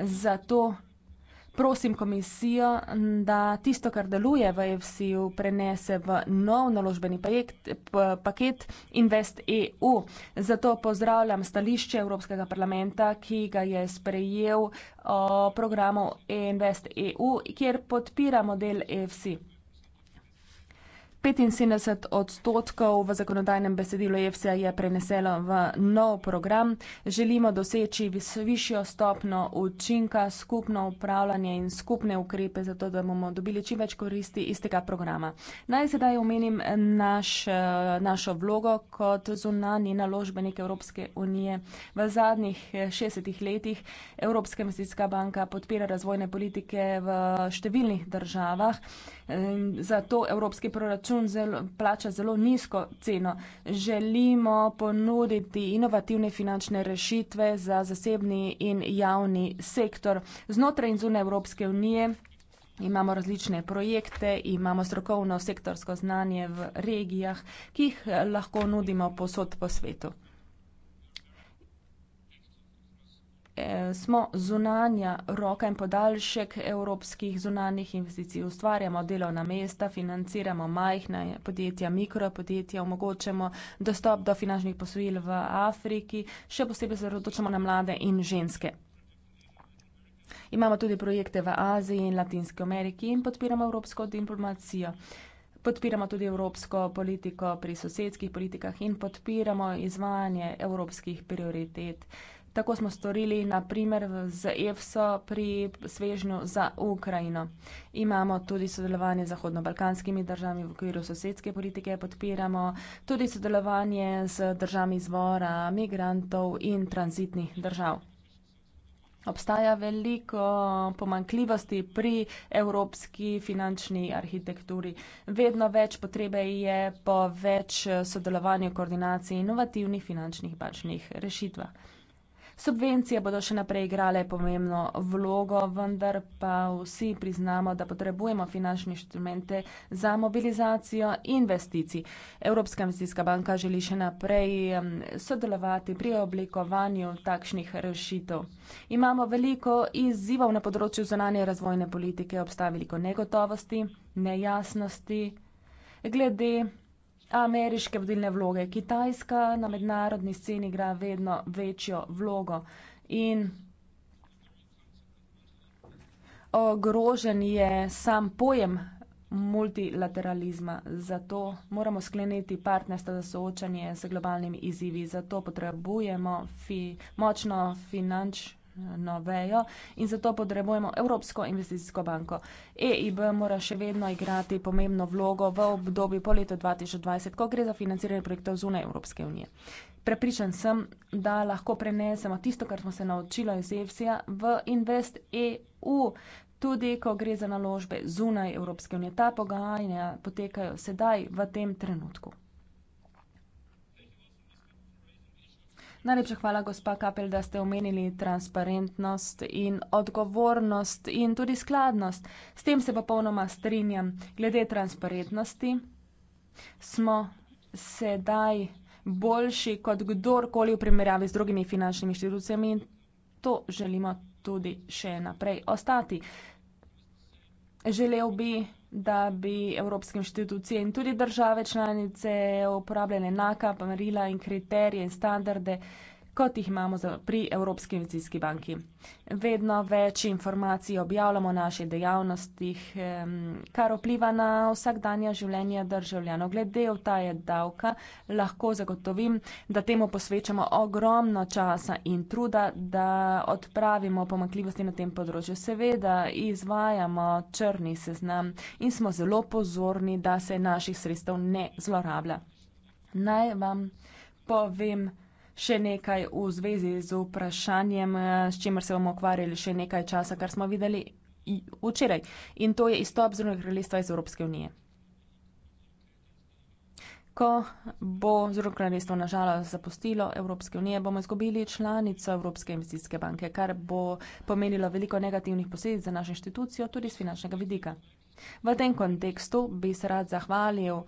Zato prosim komisijo, da tisto, kar deluje v EFSI-ju, prenese v nov naložbeni paket, paket Invest EU. Zato pozdravljam stališče Evropskega parlamenta, ki ga je sprejel o programu Invest EU, kjer podpira model EFSI. 75 odstotkov v zakonodajnem besedilu EFSA je preneselo v nov program. Želimo doseči višjo stopno učinka, skupno upravljanje in skupne ukrepe, zato da bomo dobili čim več koristi iz tega programa. Naj sedaj omenim naš, našo vlogo kot zunani naložbenik Evropske unije. V zadnjih 60 letih Evropska investicijska banka podpira razvojne politike v številnih državah. Zato Evropski proračun proračun zelo, plača zelo nizko ceno. Želimo ponuditi inovativne finančne rešitve za zasebni in javni sektor znotraj in zunaj Evropske unije. Imamo različne projekte, imamo strokovno sektorsko znanje v regijah, ki jih lahko nudimo posod po svetu. Eh, smo zunanja roka in podaljšek evropskih zunanjih investicij. Ustvarjamo delovna mesta, financiramo majhna podjetja, mikropodjetja, omogočamo dostop do finančnih posojil v Afriki, še posebej se zrotočamo na mlade in ženske. Imamo tudi projekte v Aziji in Latinski Ameriki in podpiramo evropsko diplomacijo. Podpiramo tudi evropsko politiko pri sosedskih politikah in podpiramo izvajanje evropskih prioritet. Tako smo storili naprimer z EFSO pri svežnju za Ukrajino. Imamo tudi sodelovanje z zahodno-balkanskimi državami v okviru sosedske politike, podpiramo tudi sodelovanje z državami izvora migrantov in transitnih držav. Obstaja veliko pomankljivosti pri evropski finančni arhitekturi. Vedno več potrebe je po več sodelovanju, koordinaciji inovativnih finančnih bačnih rešitvah. Subvencije bodo še naprej igrale pomembno vlogo, vendar pa vsi priznamo, da potrebujemo finančne inštrumente za mobilizacijo investicij. Evropska investicijska banka želi še naprej sodelovati pri oblikovanju takšnih rešitev. Imamo veliko izzivov na področju zonanje razvojne politike, obstaja veliko negotovosti, nejasnosti glede ameriške vodilne vloge. Kitajska na mednarodni sceni igra vedno večjo vlogo in ogrožen je sam pojem multilateralizma. Zato moramo skleniti partnerstvo za soočanje z globalnimi izzivi. Zato potrebujemo fi, močno finančno Novejo in zato potrebujemo Evropsko investicijsko banko. EIB mora še vedno igrati pomembno vlogo v obdobju po letu 2020, ko gre za financiranje projektov zunaj Evropske unije. Prepričan sem, da lahko prenesemo tisto, kar smo se naučili iz EFSI-ja v Invest EU, tudi ko gre za naložbe zunaj Evropske unije. Ta pogajanja potekajo sedaj v tem trenutku. Najlepša hvala, gospa Kapel, da ste omenili transparentnost in odgovornost in tudi skladnost. S tem se popolnoma strinjam. Glede transparentnosti smo sedaj boljši kot kdorkoli v primerjavi z drugimi finančnimi inštitucijami in to želimo tudi še naprej ostati. Želel bi da bi evropske inštitucije in tudi države članice uporabljale enaka merila in kriterije in standarde uh, kot jih imamo pri Evropski investicijski banki. Vedno več informacij objavljamo o naših dejavnostih, kar vpliva na vsakdanje življenje državljanov. Glede v ta je davka, lahko zagotovim, da temu posvečamo ogromno časa in truda, da odpravimo pomakljivosti na tem področju. Seveda izvajamo črni seznam in smo zelo pozorni, da se naših sredstev ne zlorablja. Naj vam povem, še nekaj v zvezi z vprašanjem, s čimer se bomo ukvarjali še nekaj časa, kar smo videli včeraj. In to je izstop Združenih kraljestva iz Evropske unije. Ko bo Združeno kraljestvo nažalost zapustilo Evropske unije, bomo izgubili članico Evropske investicijske banke, kar bo pomenilo veliko negativnih posledic za našo inštitucijo, tudi z finančnega vidika. V tem kontekstu bi se rad zahvalil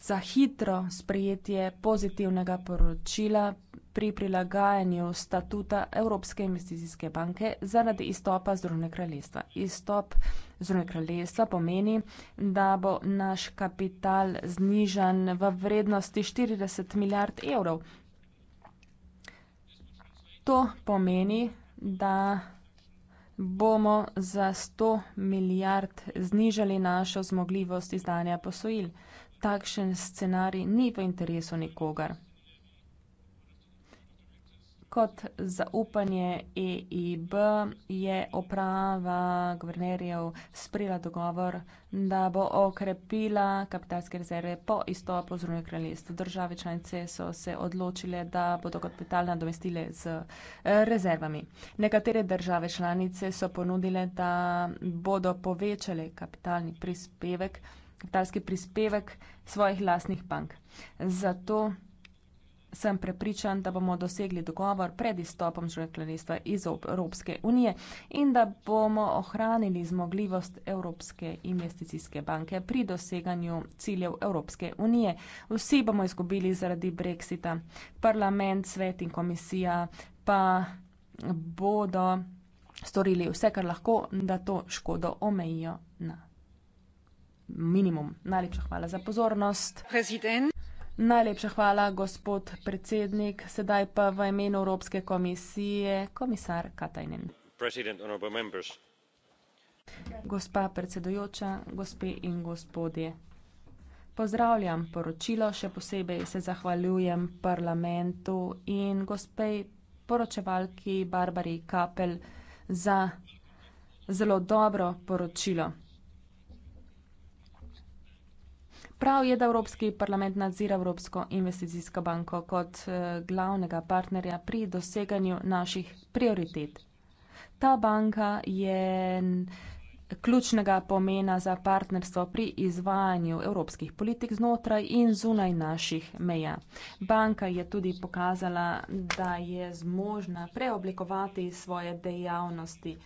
za hitro sprejetje pozitivnega poročila pri prilagajanju statuta Evropske investicijske banke zaradi izstopa Združenega kraljestva. Izstop Združenega kraljestva pomeni, da bo naš kapital znižan v vrednosti 40 milijard evrov. To pomeni, da bomo za 100 milijard znižali našo zmogljivost izdanja posojil takšen scenarij ni v interesu nikogar. Kot zaupanje EIB je uprava guvernerjev sprejela dogovor, da bo okrepila kapitalske rezerve po izstopu z Rune kraljestva. Države članice so se odločile, da bodo kapital nadomestile z eh, rezervami. Nekatere države članice so ponudile, da bodo povečale kapitalni prispevek kapitalski prispevek svojih lastnih bank. Zato sem prepričan, da bomo dosegli dogovor pred izstopom žveklenstva iz Evropske unije in da bomo ohranili zmogljivost Evropske investicijske banke pri doseganju ciljev Evropske unije. Vsi bomo izgubili zaradi brexita. Parlament, svet in komisija pa bodo storili vse, kar lahko, da to škodo omejijo na 5% minimum. Najlepša hvala za pozornost. President. Najlepša hvala, gospod predsednik. Sedaj pa v imenu Evropske komisije komisar Katajnen. Gospa predsedujoča, gospe in gospodje. Pozdravljam poročilo, še posebej se zahvaljujem parlamentu in gospej poročevalki Barbari Kapel za zelo dobro poročilo. Prav je, da Evropski parlament nadzira Evropsko investicijsko banko kot eh, glavnega partnerja pri doseganju naših prioritet. Ta banka je ključnega pomena za partnerstvo pri izvajanju evropskih politik znotraj in zunaj naših meja. Banka je tudi pokazala, da je zmožna preoblikovati svoje dejavnosti.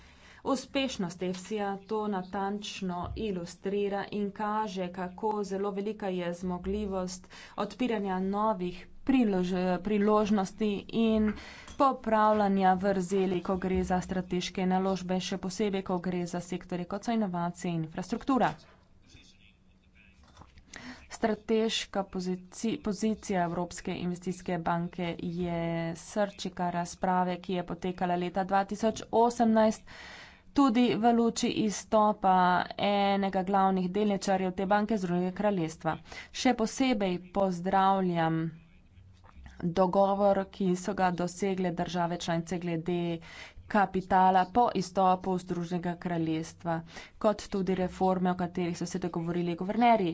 Uspešnost EFSI-ja to natančno ilustrira in kaže, kako zelo velika je zmogljivost odpiranja novih prilož priložnosti in popravljanja vrzeli, ko gre za strateške naložbe, še posebej, ko gre za sektore kot so inovacije in infrastruktura. Strateška pozici, pozicija Evropske investicijske banke je srčika razprave, ki je potekala leta 2018 tudi v luči izstopa enega glavnih delničarjev te banke z druge kraljestva. Še posebej pozdravljam dogovor, ki so ga dosegle države članice glede kapitala po izstopu Združnega kraljestva, kot tudi reforme, o katerih so se dogovorili guvernerji.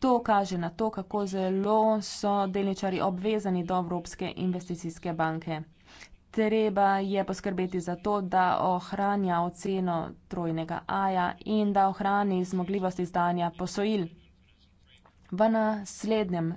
To kaže na to, kako zelo so delničari obvezani do Evropske investicijske banke treba je poskrbeti za to, da ohranja oceno trojnega aja in da ohrani zmogljivost izdanja posojil. V naslednjem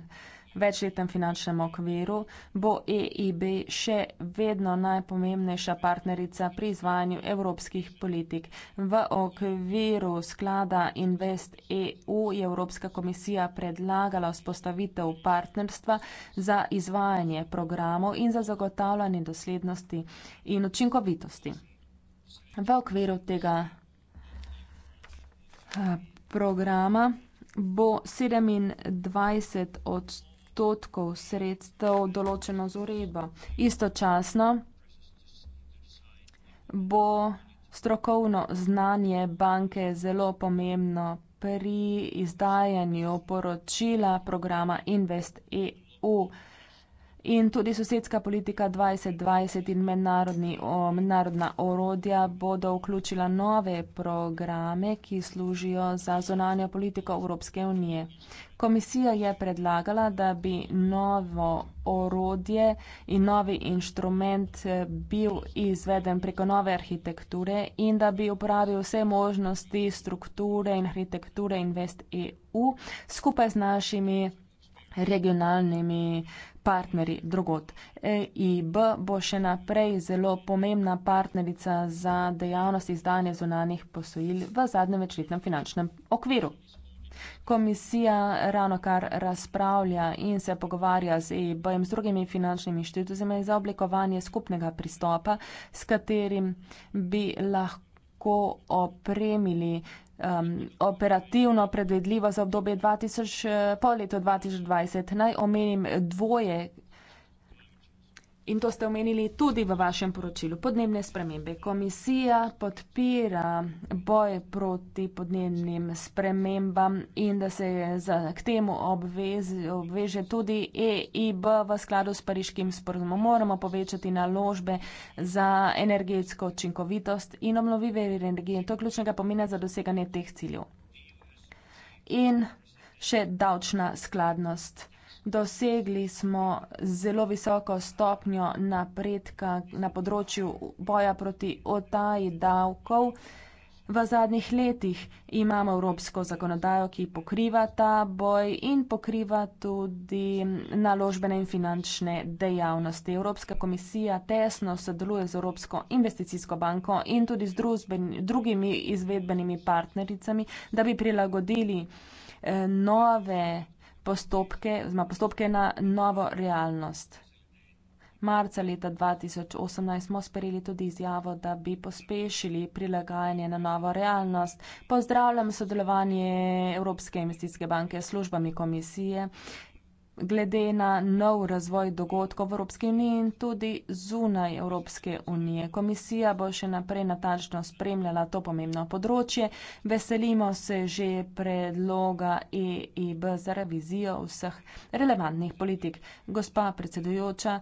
večletnem finančnem okviru, bo EIB še vedno najpomembnejša partnerica pri izvajanju evropskih politik. V okviru sklada Invest EU je Evropska komisija predlagala vzpostavitev partnerstva za izvajanje programov in za zagotavljanje doslednosti in učinkovitosti. V okviru tega eh, programa bo 27 odstotkov odstotkov sredstev določeno z uredbo. Istočasno bo strokovno znanje banke zelo pomembno pri izdajanju poročila programa InvestEU. In tudi sosedska politika 2020 in mednarodni, o, mednarodna orodja bodo vključila nove programe, ki služijo za zonanjo politiko Evropske unije. Komisija je predlagala, da bi novo orodje in novi inštrument eh, bil izveden preko nove arhitekture in da bi uporabil vse možnosti strukture in arhitekture InvestEU skupaj z našimi regionalnimi partnerji drugot. EIB bo še naprej zelo pomembna partnerica za dejavnost izdanja zunanih posojil v zadnjem večletnem finančnem okviru. Komisija ravno kar razpravlja in se pogovarja z EIB in z drugimi finančnimi inštitucijami za oblikovanje skupnega pristopa, s katerim bi lahko opremili um, operativno predvedljivo za obdobje 2000, po letu 2020. Naj omenim dvoje, in to ste omenili tudi v vašem poročilu, podnebne spremembe. Komisija podpira boj proti podnebnim spremembam in da se je za, k temu obvez, obveže tudi EIB v skladu s pariškim sporozumom. Moramo povečati naložbe za energetsko učinkovitost in obnovljive energije. To je ključnega pomena za doseganje teh ciljev. In še davčna skladnost. Dosegli smo zelo visoko stopnjo napredka na področju boja proti otaji davkov. V zadnjih letih imamo evropsko zakonodajo, ki pokriva ta boj in pokriva tudi naložbene in finančne dejavnosti. Evropska komisija tesno sodeluje z Evropsko investicijsko banko in tudi z drugimi izvedbenimi partnericami, da bi prilagodili eh, nove postopke, zma, postopke na novo realnost. Marca leta 2018 smo sprejeli tudi izjavo, da bi pospešili prilagajanje na novo realnost. Pozdravljam sodelovanje Evropske investicijske banke s službami komisije glede na nov razvoj dogodkov v Evropski uniji in tudi zunaj Evropske unije. Komisija bo še naprej natančno spremljala to pomembno področje. Veselimo se že predloga EIB za revizijo vseh relevantnih politik. Gospa predsedujoča,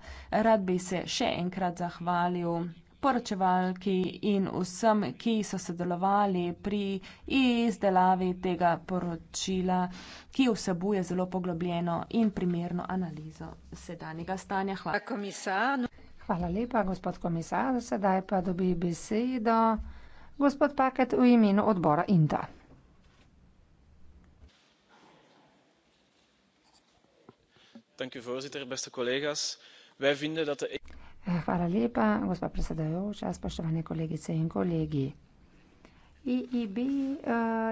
rad bi se še enkrat zahvalil poročevalki in vsem, ki so sodelovali pri izdelavi tega poročila, ki vsebuje zelo poglobljeno in primerno analizo sedanjega stanja. Hvala. Hvala lepa, gospod komisar. Sedaj pa dobi besedo gospod Paket v imenu odbora INTA. Dank u voorzitter, beste collega's. Wij vinden dat de. Eh, hvala lepa, gospa predsedajoča, spoštovane kolegice in kolegi. E IIB eh,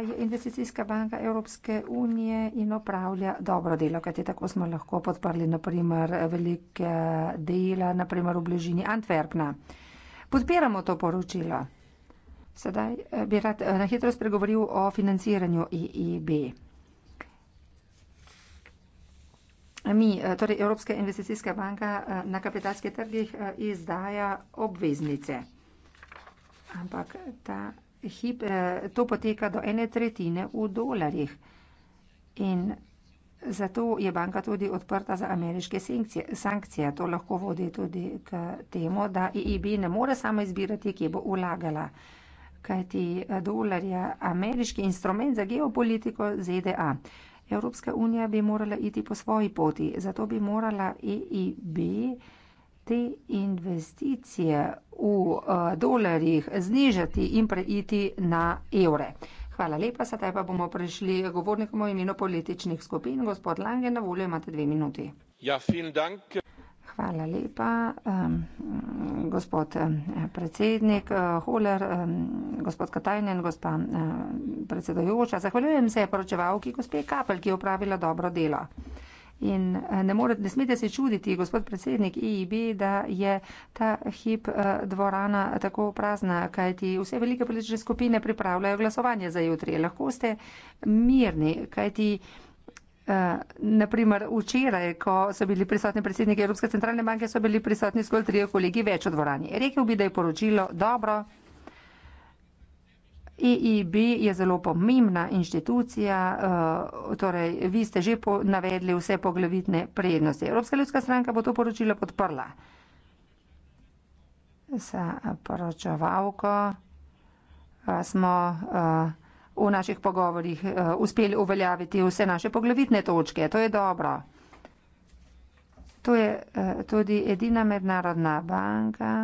je investicijska banka Evropske unije in opravlja dobro delo, kajti tako smo lahko podprli naprimer velike dela, naprimer v bližini Antwerpna. Podpiramo to poročilo. Sedaj eh, bi rad na hitro spregovoril o financiranju e IIB. Mi, eh, torej Evropska investicijska banka eh, na kapitalskih trgih eh, izdaja obveznice. Ampak ta hip, to poteka do ene tretjine v dolarjih. In zato je banka tudi odprta za ameriške sankcije. sankcije. To lahko vodi tudi k temu, da EIB e ne more sama izbirati, kje bo ulagala. Kajti dolar je ameriški instrument za geopolitiko ZDA. Evropska unija bi morala iti po svoji poti, zato bi morala EIB te investicije v uh, dolarjih znižati in preiti na evre. Hvala lepa, sedaj pa bomo prišli govornikom o imenu političnih skupin. Gospod Lange, na voljo imate dve minuti. Ja, Hvala lepa, um, gospod predsednik uh, eh, Holer, um, gospod Katajnen, gospa uh, predsedojoča. Zahvaljujem se poročevalki, gospe Kapelj, ki je upravila dobro delo. In eh, ne, more, ne smete se čuditi, gospod predsednik EIB, da je ta hip eh, dvorana tako prazna, kajti vse velike politične skupine pripravljajo glasovanje za jutri. Lahko ste mirni, kajti. Uh, eh, naprimer, včeraj, ko so bili prisotni predsedniki Evropske centralne banke, so bili prisotni zgolj trije kolegi več v dvorani. Rekel bi, da je poročilo dobro. EIB je zelo pomembna inštitucija, uh, torej vi ste že po navedli vse poglavitne prednosti. Evropska ljudska stranka bo to poročilo podprla. Sa poročevalko uh, smo. Uh, v naših pogovorjih eh, uspeli uveljaviti vse naše poglavitne točke. To je dobro. To je eh, tudi edina mednarodna banka.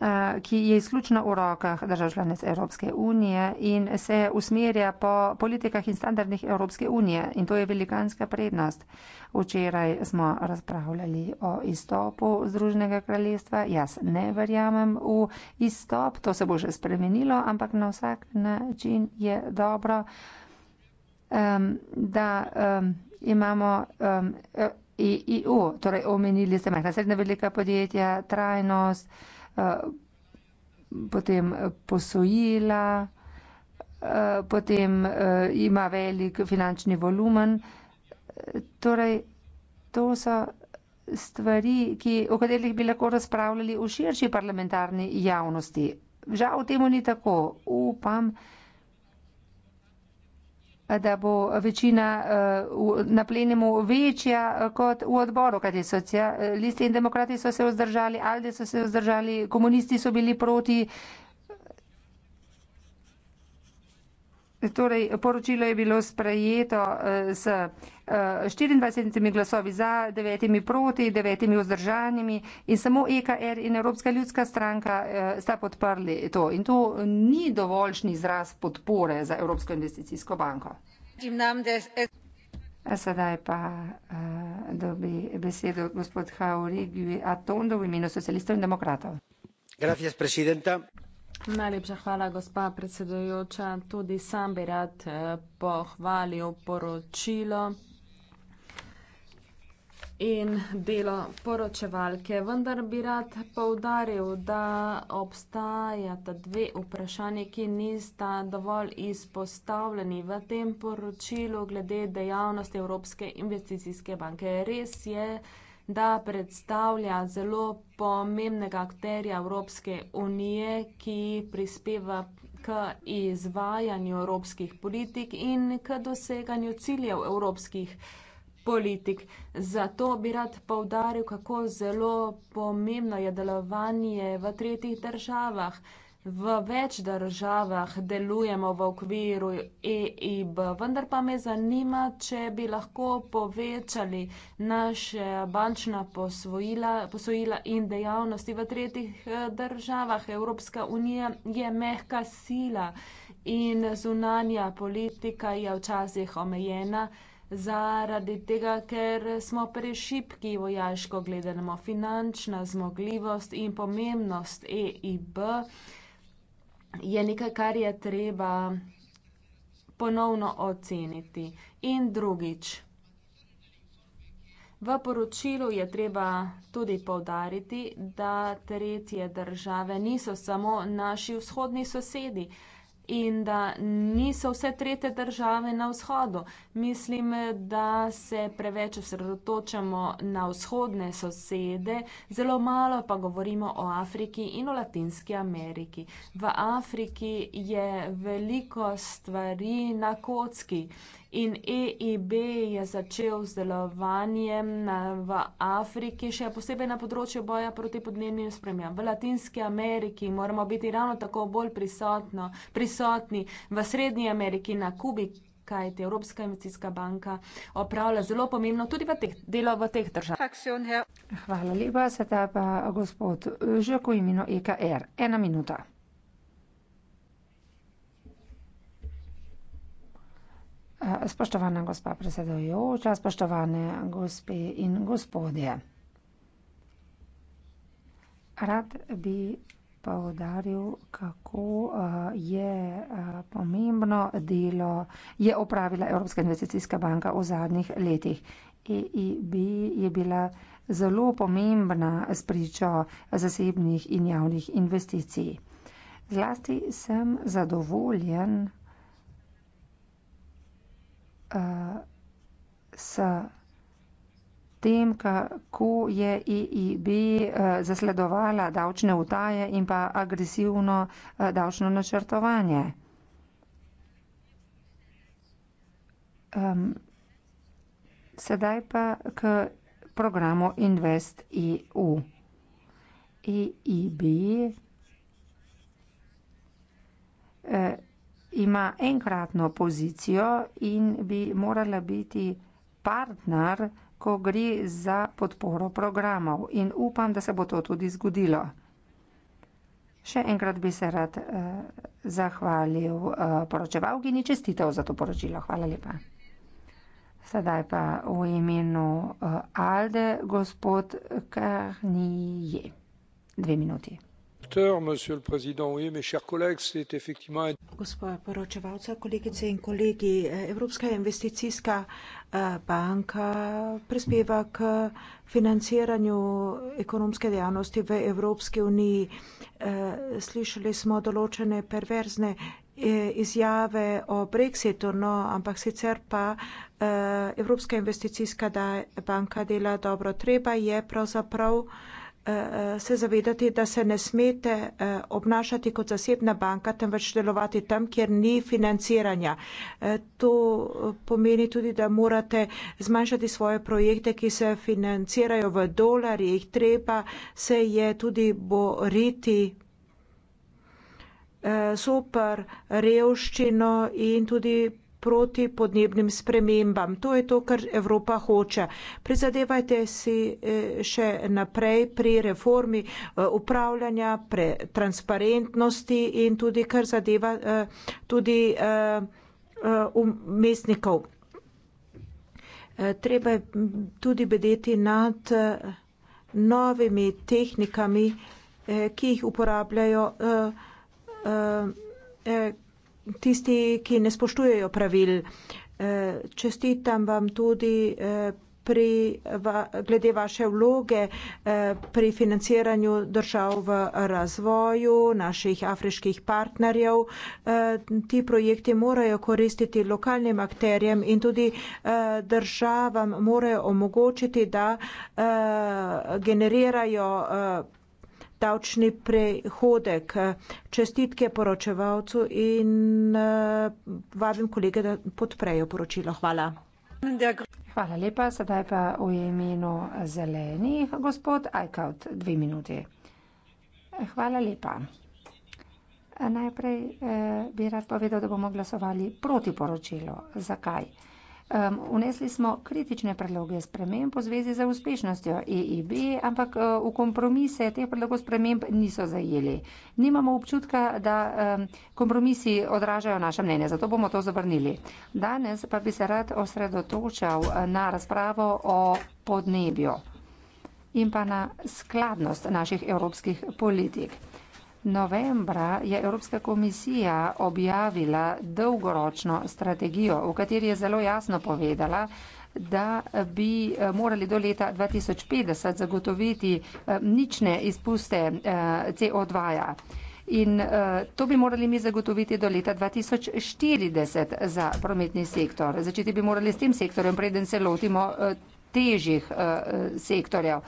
Eh, ki je izključno v rokah držav članic Evropske unije in se usmerja po politikah in standardih Evropske unije. In to je velikanska prednost. Včeraj smo razpravljali o izstopu Združenega kraljestva. Jaz ne verjamem v izstop, to se bo že spremenilo, ampak na vsak način je dobro, um, da um, imamo. Um, EU, torej omenili ste majhna srednja velika podjetja, trajnost. Eh, potem posojila, eh, potem eh, ima velik finančni volumen. Torej, to so stvari, ki, o katerih bi lahko razpravljali v širši parlamentarni javnosti. Žal temu ni tako. Upam, uh, da bo večina eh, na plenemu večja eh, kot v odboru, kajti socialisti in demokrati so se vzdržali, alde so se vzdržali, komunisti so bili proti, Torej, poročilo je bilo sprejeto z eh, 24 eh, glasovi za, 9 proti, 9 vzdržanimi in samo EKR in Evropska ljudska stranka eh, sta podprli to. In to ni dovoljšni izraz podpore za Evropsko investicijsko banko. Sedaj pa dobi besedo gospod Haurigui Atondo v imenu socialistov in demokratov. Gracias, Najlepša hvala, gospa predsedujoča. Tudi sam bi rad eh, pohvalil poročilo in delo poročevalke. Vendar bi rad povdaril, da obstajata dve vprašanje, ki nista dovolj izpostavljeni v tem poročilu glede dejavnosti Evropske investicijske banke. Res je, da predstavlja zelo pomembnega akterja Evropske unije, ki prispeva k izvajanju evropskih politik in k doseganju ciljev evropskih politik. Zato bi rad povdaril, kako zelo pomembno je delovanje v tretjih državah. V več državah delujemo v okviru EIB, vendar pa me zanima, če bi lahko povečali naše bančna posvojila, posvojila in dejavnosti v tretjih eh, državah. Evropska unija je mehka sila in zunanja politika je včasih omejena zaradi tega, ker smo prešipki vojaško gledanemo finančna zmogljivost in pomembnost EIB je nekaj, kar je treba ponovno oceniti. In drugič, v poročilu je treba tudi povdariti, da tretje države niso samo naši vzhodni sosedi in da niso vse trete države na vzhodu. Mislim, da se preveč osredotočamo na vzhodne sosede, zelo malo pa govorimo o Afriki in o Latinski Ameriki. V Afriki je veliko stvari na kocki in EIB je začel z delovanjem v Afriki, še posebej na področju boja proti podnebnim spremljam. V Latinski Ameriki moramo biti ravno tako bolj prisotno, prisotni, v Srednji Ameriki, na Kubi, kajte Evropska investicijska banka opravlja zelo pomembno tudi v teh, delo v teh državah. Hvala lepa, sedaj pa gospod Žeko imeno EKR. Ena minuta. Spoštovana gospa predsedujoča, spoštovane gospe in gospodje. Rad bi poudaril, kako eh, je eh, pomembno delo je opravila Evropska investicijska banka v zadnjih letih. EIB je bila zelo pomembna spričo zasebnih in javnih investicij. Zlasti sem zadovoljen, Eh, s tem, kako je EIB e eh, zasledovala davčne utaje in pa agresivno eh, davčno načrtovanje. Um, sedaj pa k programu Invest EU. EIB e eh, ima enkratno pozicijo in bi morala biti partner, ko gre za podporo programov. In upam, da se bo to tudi zgodilo. Še enkrat bi se rad eh, zahvalil eh, poročevalki in čestitev za to poročilo. Hvala lepa. Sedaj pa v imenu eh, Alde gospod Karnije. Dve minuti monsieur le président oui mes chers collègues c'est effectivement eh, banka prispeva k financiranju ekonomske dejavnosti v Evropski uniji. Eh, slišali smo določene perverzne eh, izjave o Brexitu, no, ampak sicer pa Evropska investicijska banka dela dobro. Treba je pravzaprav se zavedati, da se ne smete eh, obnašati kot zasebna banka, temveč delovati tam, kjer ni financiranja. Eh, to eh, pomeni tudi, da morate zmanjšati svoje projekte, ki se financirajo v dolarjih. Treba se je tudi boriti super revščino in tudi proti podnebnim spremembam. To je to, kar Evropa hoče. Prizadevajte si eh, še naprej pri reformi eh, upravljanja, pre transparentnosti in tudi kar zadeva eh, tudi umestnikov. Treba je tudi bedeti nad novimi tehnikami, ki jih uporabljajo tisti, ki ne spoštujejo pravil. Eh, čestitam vam tudi eh, pri, glede vaše vloge eh, pri financiranju držav v razvoju naših afriških partnerjev. Ti projekti morajo koristiti lokalnim akterjem in tudi državam morajo omogočiti, da generirajo davčni prehodek. Čestitke poročevalcu in eh, vabim kolege, da podprejo poročilo. Hvala. Hvala lepa, sedaj pa v imenu zelenih, gospod Ajkaut, dve minuti. Hvala lepa. Najprej eh, bi rad povedal, da bomo glasovali proti poročilu. Zakaj? Eh, Um, unesli smo kritične predloge sprememb v zvezi z uspešnostjo EIB, ampak uh, v kompromise teh predlogov sprememb niso zajeli. Nimamo občutka, da um, kompromisi odražajo naše mnenje, zato bomo to zavrnili. Danes pa bi se rad osredotočal e, na razpravo o podnebju in pa na skladnost naših evropskih politik. Novembra je Evropska komisija objavila dolgoročno strategijo, v kateri je zelo jasno povedala, da bi eh, morali do leta 2050 zagotoviti eh, nične izpuste eh, CO2. -ja. In to bi morali mi zagotoviti do leta 2040 za prometni sektor. Začeti bi morali s tem sektorjem, preden se lotimo težjih sektorjev.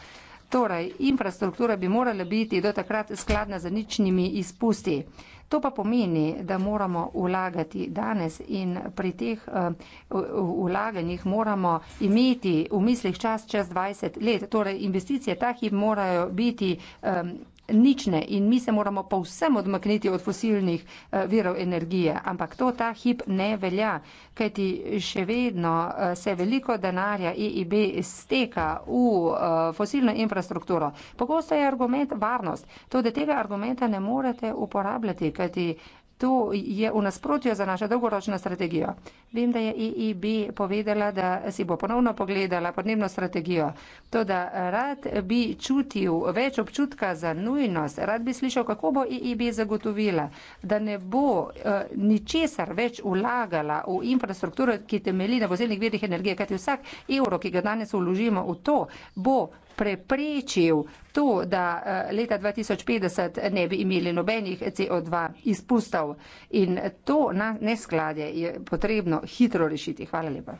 Torej, infrastruktura bi morala biti do takrat skladna z ničnimi izpusti. To pa pomeni, da moramo vlagati danes in pri teh eh, vlaganjih moramo imeti v mislih čas čez 20 let. Torej, investicije takih morajo biti. Um, nič ne in mi se moramo povsem odmakniti od fosilnih eh, virov energije. Ampak to ta hip ne velja, kajti še vedno eh, se veliko denarja EIB steka v eh, fosilno infrastrukturo. Pogosto je argument varnost. To, da tega argumenta ne morete uporabljati, kajti To je v nasprotju za našo dolgoročno strategijo. Vem, da je EIB e povedala, da si bo ponovno pogledala podnebno strategijo. To, da rad bi čutil več občutka za nujnost, rad bi slišal, kako bo EIB e zagotovila, da ne bo uh, ničesar več vlagala v infrastrukturo, ki temeli na vozilnih virih energije, kajti vsak evro, ki ga danes vložimo v to, bo preprečil to, da eh, leta 2050 ne bi imeli nobenih CO2 izpustov. In to neskladje je potrebno hitro rešiti. Hvala lepa.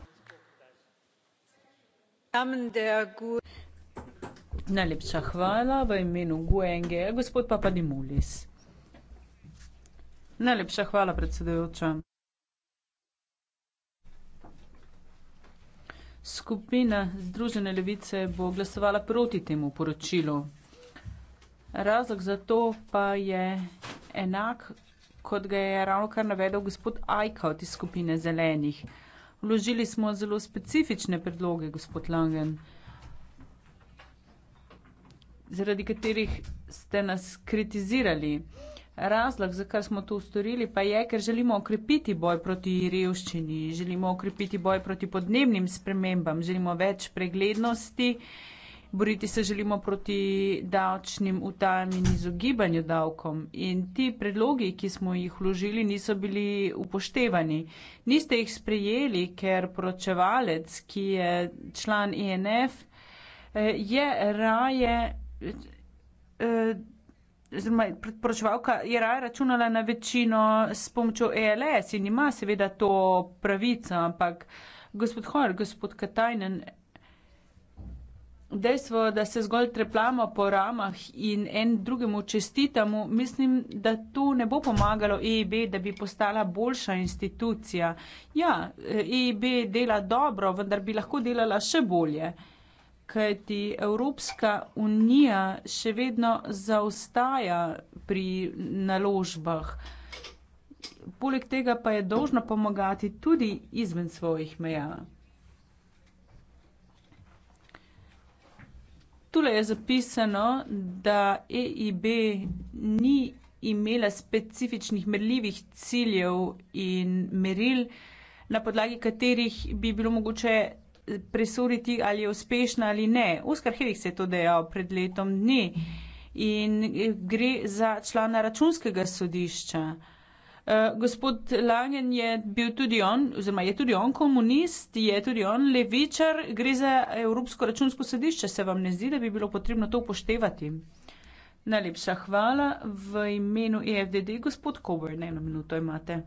Najlepša hvala v imenu Guenge. Gospod Papadimulis. Najlepša hvala, predsedujoča. Skupina Združene levice bo glasovala proti temu poročilu. Razlog za to pa je enak, kot ga je ravno kar navedel gospod Ajkaut iz skupine zelenih. Vložili smo zelo specifične predloge, gospod Langen, zaradi katerih ste nas kritizirali. Razlog, zakaj smo to ustorili, pa je, ker želimo okrepiti boj proti revščini, želimo okrepiti boj proti podnebnim spremembam, želimo več preglednosti, boriti se želimo proti davčnim utajam in izogibanju davkom. In ti predlogi, ki smo jih vložili, niso bili upoštevani. Niste jih sprejeli, ker poročevalec, ki je član INF, e eh, je raje. Eh, oziroma predporočevalka je raje računala na večino s pomočjo ELS in ima seveda to pravico, ampak gospod Hor, gospod Katajnen, dejstvo, da se zgolj treplamo po ramah in en drugemu čestitamo, mislim, da to ne bo pomagalo EIB, da bi postala boljša institucija. Ja, EIB dela dobro, vendar bi lahko delala še bolje kajti Evropska unija še vedno zaostaja pri naložbah. Poleg tega pa je dolžna pomagati tudi izven svojih meja. Tule je zapisano, da EIB ni imela specifičnih merljivih ciljev in meril, na podlagi katerih bi bilo mogoče presuditi, ali je uspešna ali ne. Oskar Helik se je to dejal pred letom dni in eh, gre za člana računskega sodišča. Uh, gospod Langen je bil tudi on, oziroma je tudi on komunist, je tudi on levičar, gre za Evropsko računsko sodišče. Se vam ne zdi, da bi bilo potrebno to upoštevati? Najlepša hvala v imenu EFDD, gospod Kober, na eno minuto imate.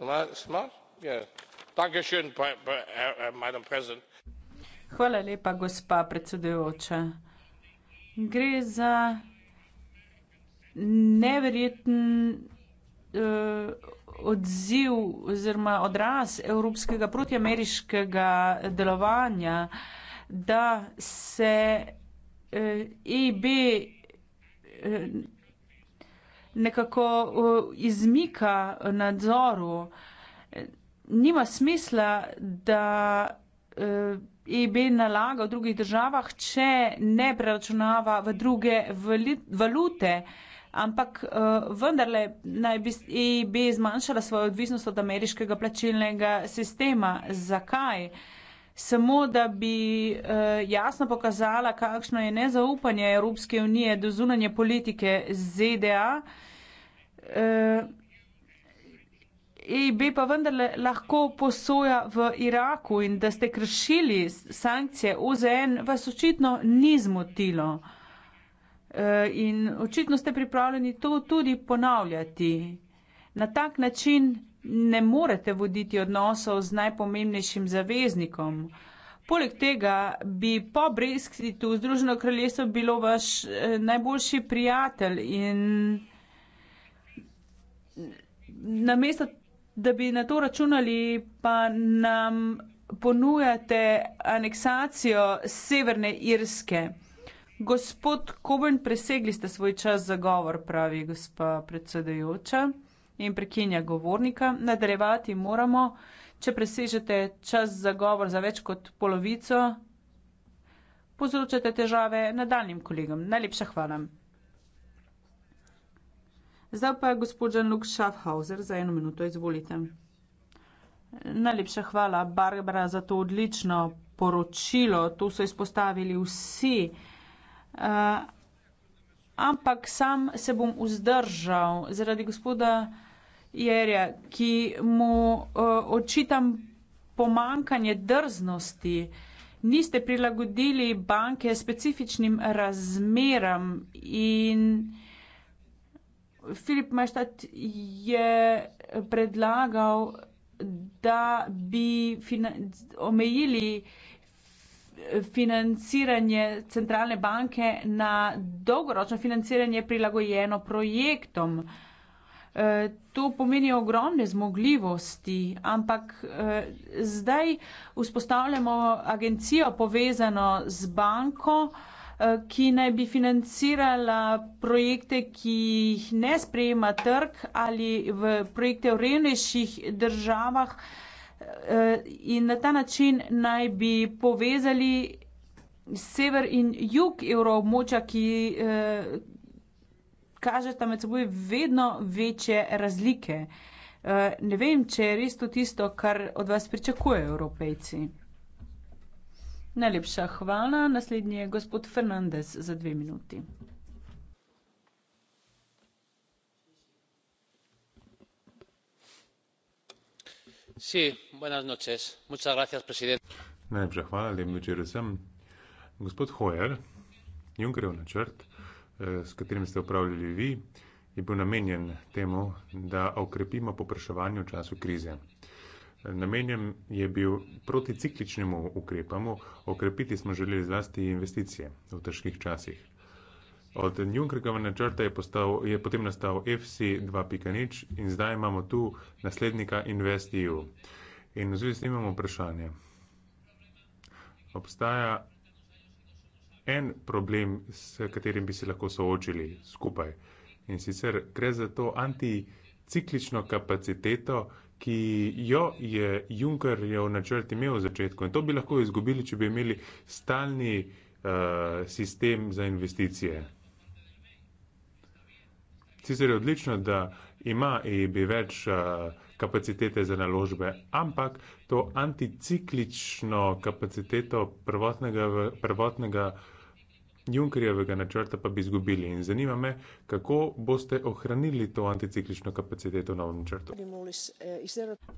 Eh, eh, Hvala lepa, gospa predsedujoča. Gre za neverjeten, eh, odziv oziroma odraz evropskega protiameriškega delovanja, da se, EIB, e nekako uh, izmika nadzoru. Nima smisla, da uh, EB nalaga v drugih državah, če ne preračunava v druge valute, ampak uh, vendarle naj bi EB zmanjšala svojo odvisnost od ameriškega plačilnega sistema. Zakaj? Samo, da bi jasno pokazala, kakšno je nezaupanje Evropske unije do zunanje politike ZDA eh, EIB pa vendarle lahko posoja v Iraku in da ste kršili sankcije OZN, vas očitno ni zmotilo. Eh, in očitno ste pripravljeni to tudi ponavljati. Na tak način ne morete voditi odnosov z najpomembnejšim zaveznikom. Poleg tega bi po Brexitu Združeno kraljestvo bilo vaš eh, najboljši prijatelj in namesto, da bi na to računali, pa nam ponujate aneksacijo Severne Irske. Gospod Koben, presegli ste svoj čas za govor, pravi gospa predsedajoča in prekinja govornika. Nadaljevati moramo, če presežete čas za govor za več kot polovico, povzročate težave nadaljnim kolegom. Najlepša hvala. Zdaj pa je gospod Žanluk Schaffhauser za eno minuto, izvolite. Najlepša hvala, Barbara, za to odlično poročilo. To so izpostavili vsi. Uh, ampak sam se bom vzdržal zaradi gospoda Jerja, ki mu uh, očitam pomankanje drznosti. Niste prilagodili banke specifičnim razmeram in. Filip Majstad je predlagal, da bi omejili financiranje centralne banke na dolgoročno financiranje prilagojeno projektom. E, to pomeni ogromne zmogljivosti, ampak e, zdaj vzpostavljamo agencijo povezano z banko. Eh, ki naj bi financirala projekte, ki jih ne sprejema trg ali v projekte v revnejših državah eh, in na ta način naj bi povezali sever in jug evroobmoča, ki eh, kažeta med seboj vedno večje razlike. Ne vem, če je res to tisto, kar od vas pričakujejo evropejci. Najlepša hvala. Naslednji je gospod Fernandez za dve minuti. Najlepša hvala, lep večer vsem. Gospod Hoyer, Junckerjev načrt, eh, s katerim ste upravljali vi, je bil namenjen temu, da okrepimo popraševanje v času krize. Namenjen je bil proticikličnemu ukrepamu, okrepiti smo želeli zlasti investicije v težkih časih. Od Junckerjeva načrta je, postav, je potem nastal FC 2.0 in zdaj imamo tu naslednika InvestEU. In v zvezi s tem imamo vprašanje. Obstaja en problem, s katerim bi se lahko soočili skupaj. In sicer gre za to anticiklično kapaciteto, ki jo je Junkerjev načrt imel v začetku. In to bi lahko izgubili, če bi imeli stalni uh, sistem za investicije. Sicer je odlično, da ima EIB e več uh, kapacitete za naložbe, ampak to anticiklično kapaciteto prvotnega, prvotnega uh, Junckerjevega načrta pa bi izgubili. In zanima me, kako boste ohranili to anticiklično kapaciteto v novem načrtu.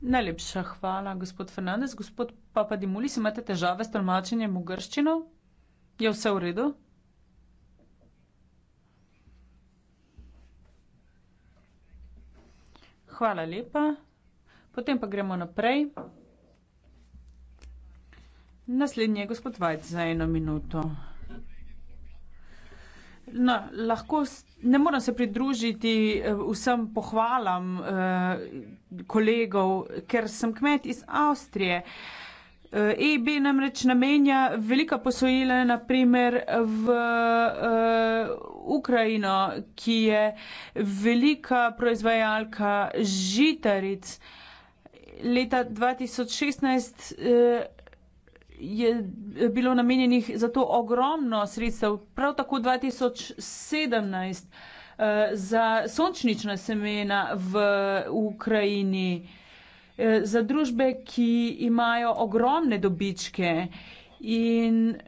Najlepša hvala, gospod Fernandez. Gospod Papadimulis, imate težave s tolmačenjem v grščino? Je vse v redu? Hvala lepa. Potem pa gremo naprej. Naslednji je gospod Vajc za eno minuto. No, lahko ne moram se pridružiti eh, vsem pohvalam eh, kolegov, ker sem kmet iz Avstrije. EIB eh, e namreč namenja velika posojila, naprimer v uh, Ukrajino, ki je velika proizvajalka žitaric. Leta 2016 uh, je eh, bilo namenjenih za to ogromno sredstev, prav tako 2017 eh, za sončnična semena v Ukrajini, eh, za družbe, ki imajo ogromne dobičke in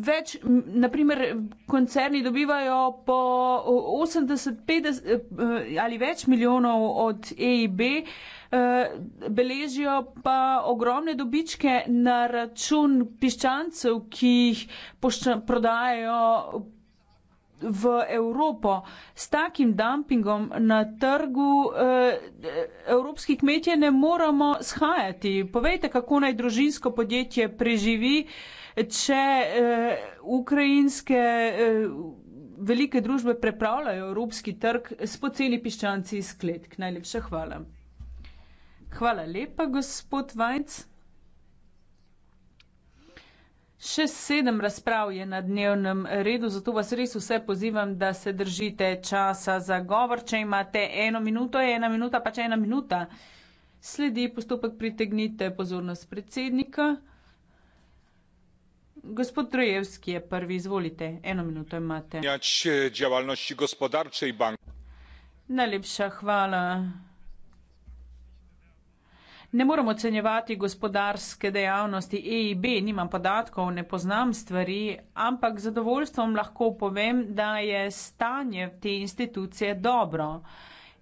Več, naprimer, koncerni dobivajo po 80 50, ali več milijonov od EIB, uh, Eh, beležijo pa ogromne dobičke na račun piščancev, ki jih prodajajo v Evropo. S takim dumpingom na trgu eh, evropskih kmetje ne moramo shajati. Povejte, kako naj družinsko podjetje preživi, če eh, ukrajinske velike družbe prepravljajo evropski trg s poceni piščanci iz kletk. Najlepša hvala. Hvala lepa, gospod Vajc. Še sedem razprav je na dnevnem redu, zato vas res vse pozivam, da se držite časa za govor. Če imate eno minuto, je ena minuta, pač ena minuta. Sledi postopek, pritegnite pozornost predsednika. Gospod Trojevski je prvi, izvolite, eno minuto imate. Najlepša hvala. Ne moram ocenjevati gospodarske dejavnosti EIB, nimam podatkov, ne poznam stvari, ampak z zadovoljstvom lahko povem, da je stanje te institucije dobro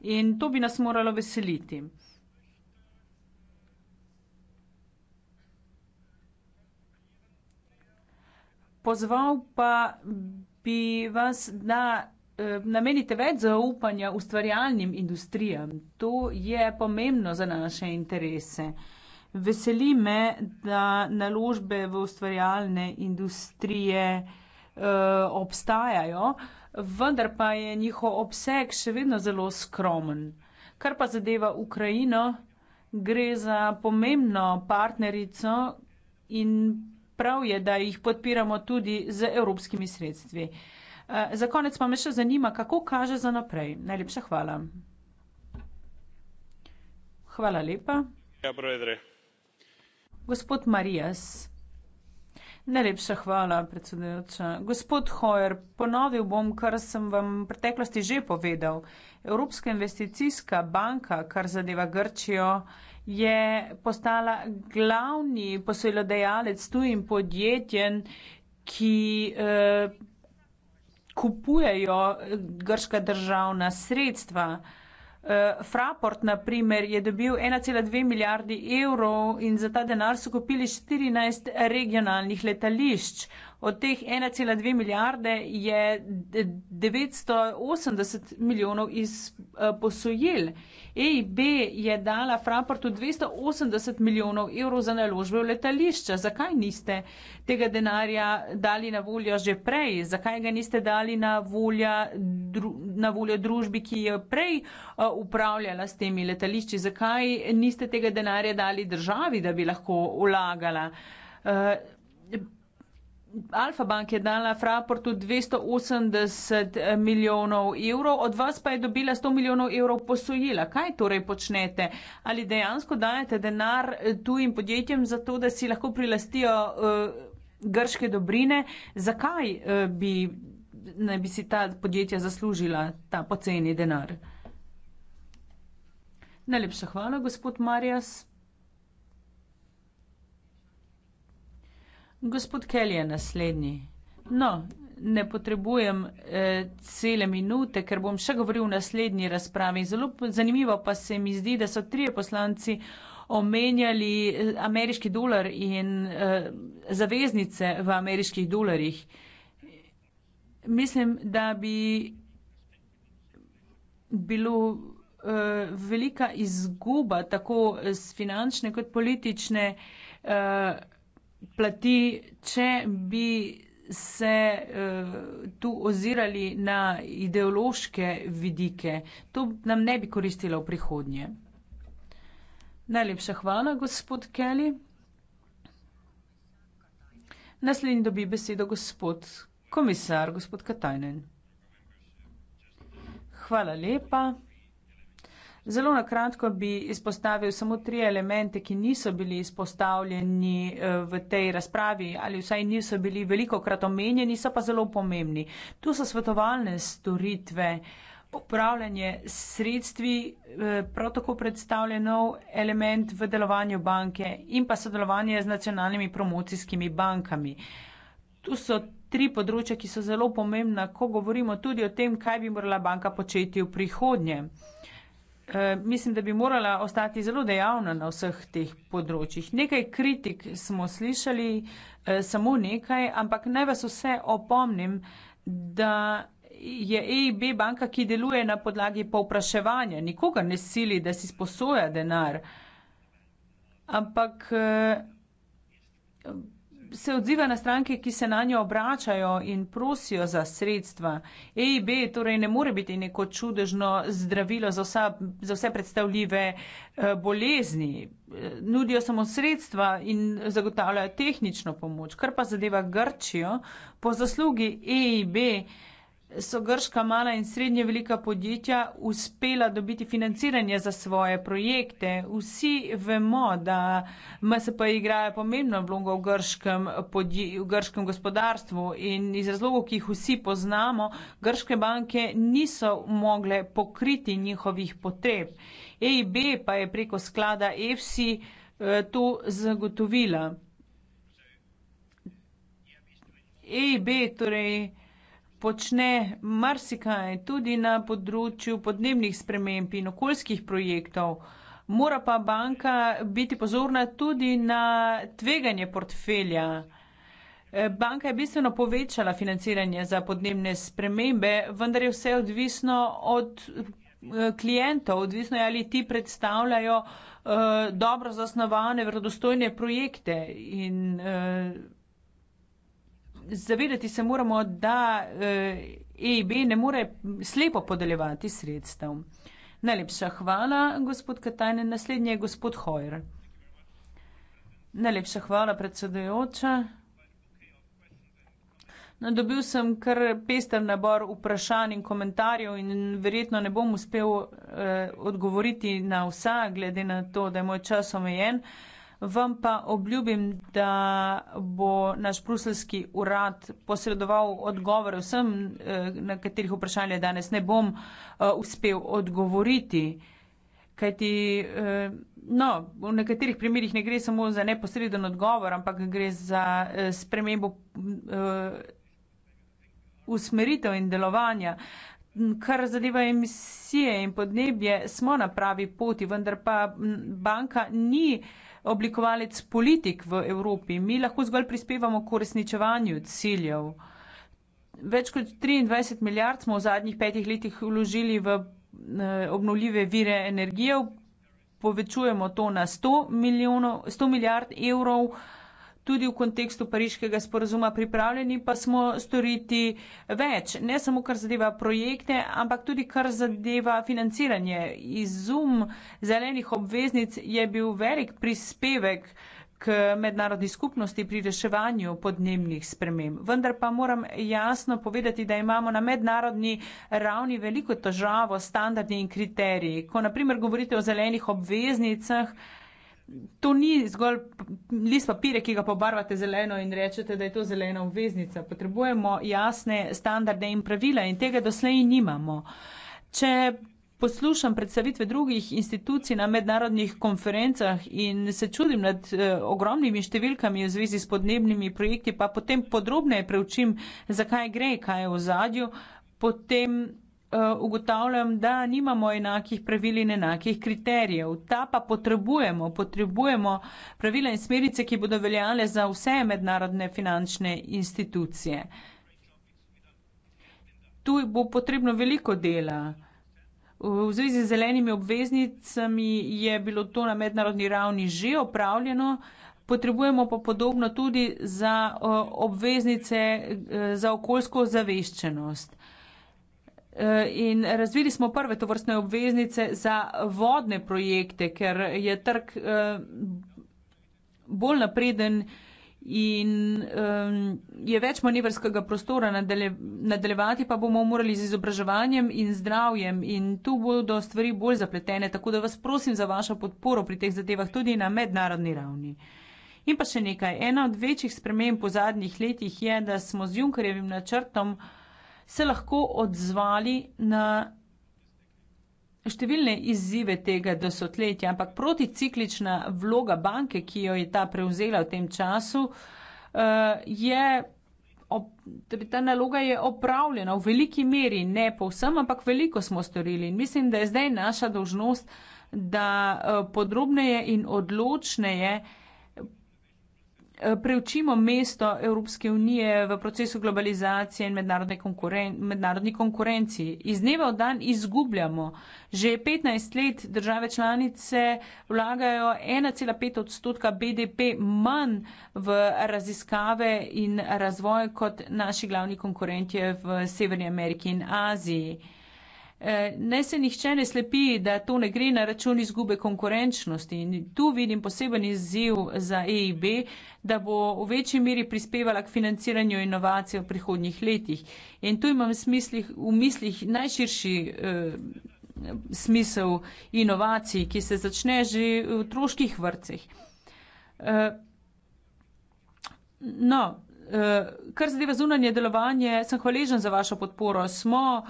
in to bi nas moralo veseliti. Pozval pa bi vas, da Eh, namenite več zaupanja ustvarjalnim industrijam. To je pomembno za naše interese. Veseli me, da naložbe v ustvarjalne industrije eh, obstajajo, vendar pa je njihov obseg še vedno zelo skromen. Kar pa zadeva Ukrajino, gre za pomembno partnerico in prav je, da jih podpiramo tudi z evropskimi sredstvi. Eh, za konec pa me še zanima, kako kaže za naprej. Najlepša hvala. Hvala lepa. Ja, brojdre. Gospod Marijas. Najlepša hvala, predsedujoča. Gospod Hojer, ponovil bom, kar sem vam v preteklosti že povedal. Evropska investicijska banka, kar zadeva Grčijo, je postala glavni posojilodajalec tujim podjetjem, ki eh, kupujejo eh, grška državna sredstva. Eh, Fraport, na primer, je dobil 1,2 milijardi evrov in za ta denar so kupili 14 regionalnih letališč. Od teh 1,2 milijarde je 980 milijonov iz eh, posojil. EIB je dala Fraportu 280 milijonov evrov za naložbe v letališča. Zakaj niste tega denarja dali na voljo že prej? Zakaj ga niste dali na voljo, dru, na voljo družbi, ki je prej eh, upravljala s temi letališči? Zakaj niste tega denarja dali državi, da bi lahko vlagala? Eh, Alfa Bank je dala Fraportu 280 milijonov evrov, od vas pa je dobila 100 milijonov evrov posojila. Kaj torej počnete? Ali dejansko dajete denar eh, tujim podjetjem za to, da si lahko prilastijo uh, grške dobrine? Zakaj uh, bi, ne, bi si ta podjetja zaslužila ta poceni denar? Najlepša hvala, gospod Marjas. Gospod Kelly je naslednji. No, ne potrebujem eh, cele minute, ker bom še govoril v naslednji razpravi. Zelo zanimivo pa se mi zdi, da so trije poslanci omenjali eh, ameriški dolar in eh, zaveznice v ameriških dolarjih. Mislim, da bi bilo eh, velika izguba tako z finančne kot politične. Eh, plati, če bi se uh, tu ozirali na ideološke vidike. To nam ne bi koristilo v prihodnje. Najlepša hvala, gospod Kelly. Naslednji dobi besedo gospod komisar, gospod Katajnen. Hvala lepa. Zelo na kratko bi izpostavil samo tri elemente, ki niso bili izpostavljeni eh, v tej razpravi ali vsaj niso bili veliko krat omenjeni, so pa zelo pomembni. Tu so svetovalne storitve, upravljanje sredstvi, eh, prav tako predstavljen nov element v delovanju banke in pa sodelovanje z nacionalnimi promocijskimi bankami. Tu so tri področja, ki so zelo pomembna, ko govorimo tudi o tem, kaj bi morala banka početi v prihodnje. Eh, mislim, da bi morala ostati zelo dejavna na vseh teh področjih. Nekaj kritik smo slišali, eh, samo nekaj, ampak naj vas vse opomnim, da je EIB banka, ki deluje na podlagi povpraševanja, nikoga ne sili, da si sposoja denar. Ampak. Eh, se odziva na stranke, ki se na njo obračajo in prosijo za sredstva. EIB torej ne more biti neko čudežno zdravilo za, vsa, za vse predstavljive eh, bolezni. Eh, nudijo samo sredstva in zagotavljajo tehnično pomoč, kar pa zadeva Grčijo po zaslugi EIB so grška mala in srednje velika podjetja uspela dobiti financiranje za svoje projekte. Vsi vemo, da MSP igrajo pomembno vlogo v, v grškem gospodarstvu in iz razlogov, ki jih vsi poznamo, grške banke niso mogle pokriti njihovih potreb. EIB pa je preko sklada EFSI eh, to zagotovila. EIB torej počne marsikaj tudi na področju podnebnih sprememb in okoljskih projektov. Mora pa banka biti pozorna tudi na tveganje portfelja. E, banka je bistveno povečala financiranje za podnebne spremembe, vendar je vse odvisno od e, klientov, odvisno je ali ti predstavljajo uh, dobro zasnovane, vredostojne projekte in uh, zavedati se moramo, da EIB eh, e ne more slepo podeljevati sredstev. Najlepša hvala, gospod Katajne. Naslednji je gospod Hojer. Najlepša hvala, predsedujoča. No, dobil sem kar pester nabor vprašanj in komentarjev in verjetno ne bom uspel eh, odgovoriti na vsa, glede na to, da je moj čas omejen. Eh, Vam pa obljubim, da bo naš bruselski urad posredoval odgovore vsem, eh, na katerih vprašanje danes ne bom eh, uspel odgovoriti. Kaj ti, eh, no, v nekaterih primerjih ne gre samo za neposreden odgovor, ampak gre za spremembo usmeritev in delovanja. Kar zadeva emisije in podnebje, smo na pravi poti, vendar pa banka ni oblikovalec politik v Evropi, mi lahko zgolj prispevamo k uresničevanju ciljev. Več kot 23 milijard smo v zadnjih petih letih vložili v eh, obnovljive vire energije, povečujemo to na 100, milijonov, 100 milijard evrov tudi v kontekstu pariškega sporazuma pripravljeni pa smo storiti več, ne samo kar zadeva projekte, ampak tudi kar zadeva financiranje. Izum zelenih obveznic je bil velik prispevek k mednarodni skupnosti pri reševanju podnebnih sprememb. Vendar pa moram jasno povedati, da imamo na mednarodni ravni veliko težavo s standardi in kriteriji. Ko naprimer govorite o zelenih obveznicah, To ni zgolj list papirja, ki ga pobarvate zeleno in rečete, da je to zelena obveznica. Potrebujemo jasne standarde in pravila in tega doslej nimamo. Če poslušam predstavitve drugih institucij na mednarodnih konferencah in se čudim nad eh, ogromnimi številkami v zvezi s podnebnimi projekti, pa potem podrobneje preučim, zakaj gre, kaj je v zadju, potem Eh, ugotavljam, da nimamo enakih pravil in enakih kriterijev. Ta pa potrebujemo, potrebujemo pravila in smerice, ki bodo veljale za vse mednarodne finančne institucije. Tu bo potrebno veliko dela. V zvezi z zelenimi obveznicami je bilo to na mednarodni ravni že opravljeno, potrebujemo pa podobno tudi za eh, obveznice eh, za okoljsko zaveščenost. Eh, in razvili smo prve to vrstne obveznice za vodne projekte, ker je trg eh, bolj napreden in eh, je več manevrskega prostora, nadaljevati pa bomo morali z izobraževanjem in zdravjem in tu bodo stvari bolj zapletene, tako da vas prosim za vašo podporo pri teh zadevah tudi na mednarodni ravni. In pa še nekaj. Ena od večjih sprememb po zadnjih letih je, da smo z Junkerjevim načrtom uh, se lahko odzvali na številne izzive tega desetletja, ampak proticiklična vloga banke, ki jo je ta prevzela v tem času, eh, je Ob, torej ta naloga je opravljena v veliki meri, ne povsem, ampak veliko smo storili in mislim, da je zdaj naša dožnost, da eh, podrobneje in odločneje uh, Eh, preučimo mesto Evropske unije v procesu globalizacije in mednarodne konkuren mednarodni konkurenci. Iz dneva v dan izgubljamo. Že 15 let države članice vlagajo 1,5 odstotka BDP manj v raziskave in razvoj kot naši glavni konkurenti v Severni Ameriki in Aziji. Eh, naj se nihče ne slepi, da to ne gre na račun izgube konkurenčnosti. In tu vidim poseben izziv za EIB, da bo v večji meri prispevala k financiranju inovacij v prihodnjih letih. In tu imam smislih, v mislih najširši eh, smisel inovacij, ki se začne že v otroških vrcih. Eh, no, uh, kar zadeva zunanje delovanje, sem hvaležen za vašo podporo. Smo uh,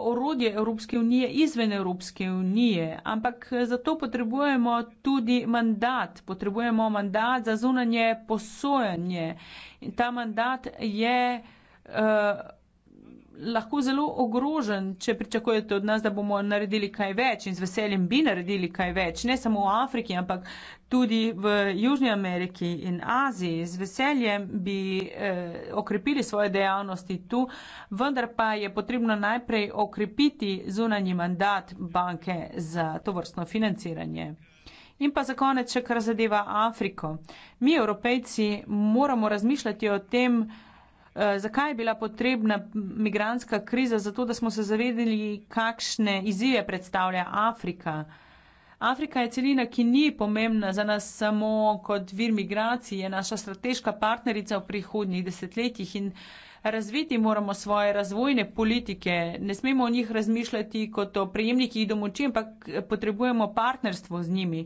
orodje Evropske unije izven Evropske unije, ampak eh, zato potrebujemo tudi mandat. Potrebujemo mandat za zunanje posojanje. In ta mandat je. Uh, lahko zelo ogrožen, če pričakujete od nas, da bomo naredili kaj več in z veseljem bi naredili kaj več, ne samo v Afriki, ampak tudi v Južni Ameriki in Aziji. Z veseljem bi eh, okrepili svoje dejavnosti tu, vendar pa je potrebno najprej okrepiti zunanji mandat banke za to vrstno financiranje. In pa za konec, kar zadeva Afriko. Mi, evropejci, moramo razmišljati o tem, Eh, zakaj je bila potrebna migranska kriza, zato da smo se zavedeli, kakšne izzive predstavlja Afrika. Afrika je celina, ki ni pomembna za nas samo kot vir migracij, je naša strateška partnerica v prihodnjih desetletjih in razviti moramo svoje razvojne politike. Ne smemo o njih razmišljati kot o prejemnikih domoči, ampak potrebujemo partnerstvo z njimi.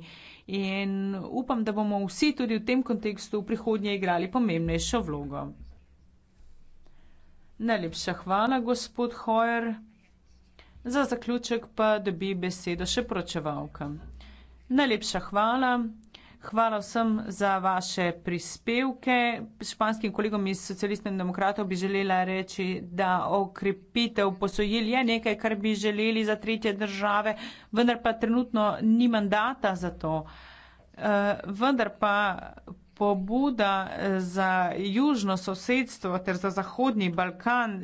In upam, da bomo vsi tudi v tem kontekstu v prihodnje igrali pomembnejšo vlogo. Najlepša hvala, gospod Hojer. Za zaključek pa dobi besedo še pročevalka. Najlepša hvala. Hvala vsem za vaše prispevke. Španskim kolegom iz socialistnih demokratov bi želela reči, da okrepitev posojil je nekaj, kar bi želeli za tretje države, vendar pa trenutno ni mandata za to. Uh, vendar pa pobuda eh, za južno sosedstvo ter za Zahodni Balkan,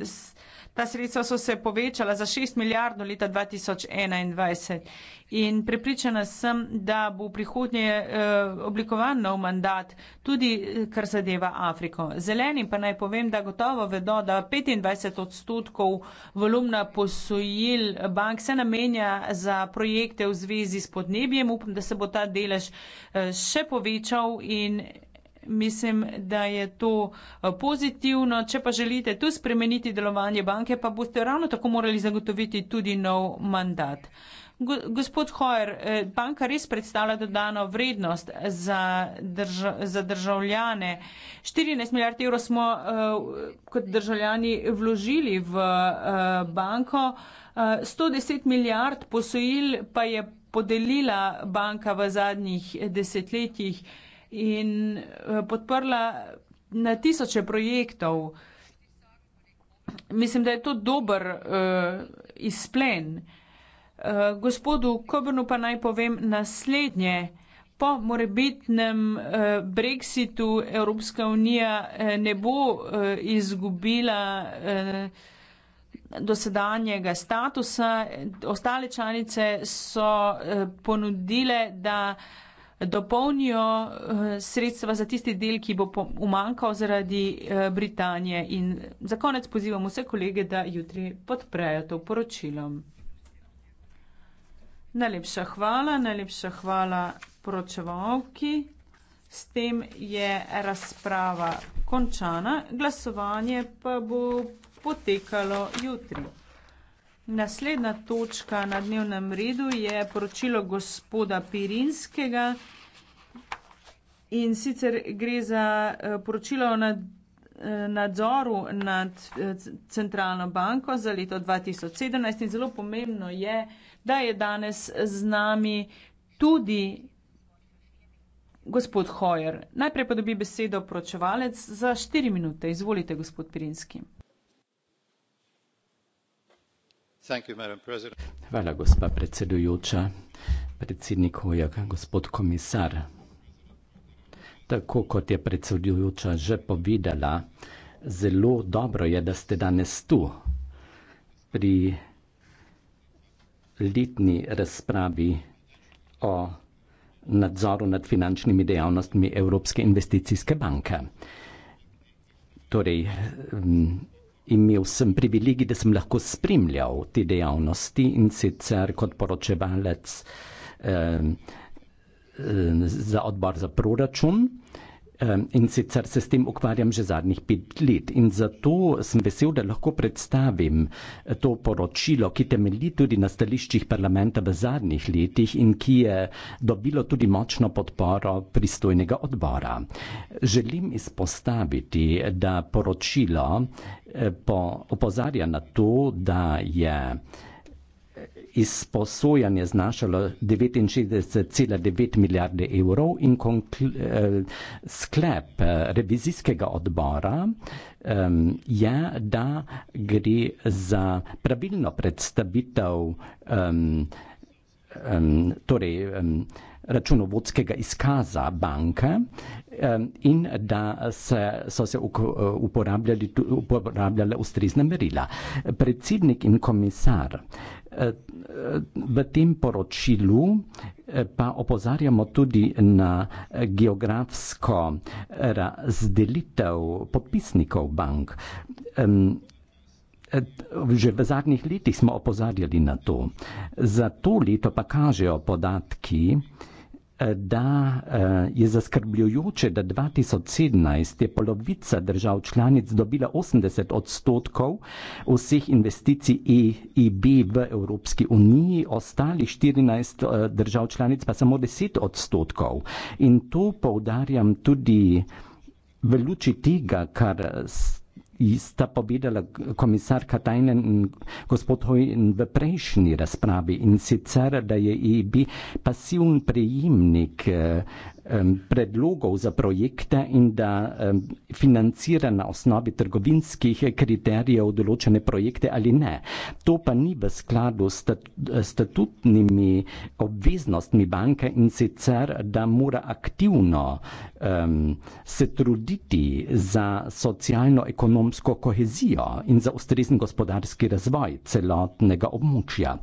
ta sredstva so se povečala za 6 milijard do leta 2021. In pripričana sem, da bo v prihodnje eh, oblikovan nov mandat, tudi eh, kar zadeva Afriko. Zeleni pa naj povem, da gotovo vedo, da 25 odstotkov volumna posojil bank se namenja za projekte v zvezi s podnebjem. Upam, da se bo ta delež še povečal in Mislim, da je to eh, pozitivno. Če pa želite tu spremeniti delovanje banke, pa boste ravno tako morali zagotoviti tudi nov mandat. Gospod Hoer, eh, banka res predstavlja dodano vrednost za, držav, za državljane. 14 milijard evrov smo eh, kot državljani vložili v banko, 110 milijard posojil pa je podelila banka v zadnjih desetletjih in eh, podprla na tisoče projektov. Mislim, da je to dober uh, izplen. Uh, gospodu Kobrnu pa naj povem naslednje. Po morebitnem uh, brexitu Evropska unija uh, ne bo uh, izgubila uh, dosedanjega statusa. Ostale članice so uh, ponudile, da uh, dopolnijo eh, sredstva za tisti del, ki bo umankal zaradi eh, Britanije. In za konec pozivam vse kolege, da jutri podprejo to poročilo. Najlepša hvala, najlepša hvala poročevalki. S tem je razprava končana, glasovanje pa bo potekalo jutri. Naslednja točka na dnevnem redu je poročilo gospoda Pirinskega in sicer gre za eh, poročilo o eh, nadzoru nad eh, centralno banko za leto 2017 in zelo pomembno je, da je danes z nami tudi gospod Hojer. Najprej pa dobi besedo poročevalec za štiri minute. Izvolite, gospod Pirinski. Hvala, gospa predsedujoča. Predsednik Hojak, gospod komisar. Tako kot je predsedujoča že povedala, zelo dobro je, da ste danes tu pri letni razpravi o nadzoru nad finančnimi dejavnostmi Evropske investicijske banke. Torej, Imel sem privilegij, da sem lahko spremljal te dejavnosti in sicer kot poročevalec eh, eh za odbor za proračun. Ehm, in sicer se s tem ukvarjam že zadnjih pet let in zato sem vesel, da lahko predstavim eh, to poročilo, ki temelji tudi na stališčih parlamenta v zadnjih letih in ki je dobilo tudi močno podporo pristojnega odbora. Želim izpostaviti, da poročilo eh, po, opozarja na to, da je izposojanje znašalo 69,9 milijarde evrov in eh, sklep eh, revizijskega odbora je, da gre za pravilno predstavitev torej računovodskega izkaza banke in da so se uporabljale ustrezne merila. Predsednik in komisar V tem poročilu eh, pa opozarjamo tudi na geografsko razdelitev podpisnikov bank. Eh, že v zadnjih letih smo opozarjali na to. Za to leto pa kažejo podatki, da eh, je zaskrbljujoče, da 2017 je polovica držav članic dobila 80 odstotkov vseh investicij EIB v Evropski uniji, ostali 14 eh, držav članic pa samo 10 odstotkov. In to poudarjam tudi v luči tega, kar sta povedala komisarka Tajnen in gospod Hojn v prejšnji razpravi in sicer, da je EB pasivn prejemnik eh, predlogov za projekte in da financira na osnovi trgovinskih kriterijev določene projekte ali ne. To pa ni v skladu s statutnimi obveznostmi banke in sicer, da mora aktivno um, se truditi za socialno-ekonomsko kohezijo in za ustrezen gospodarski razvoj celotnega območja.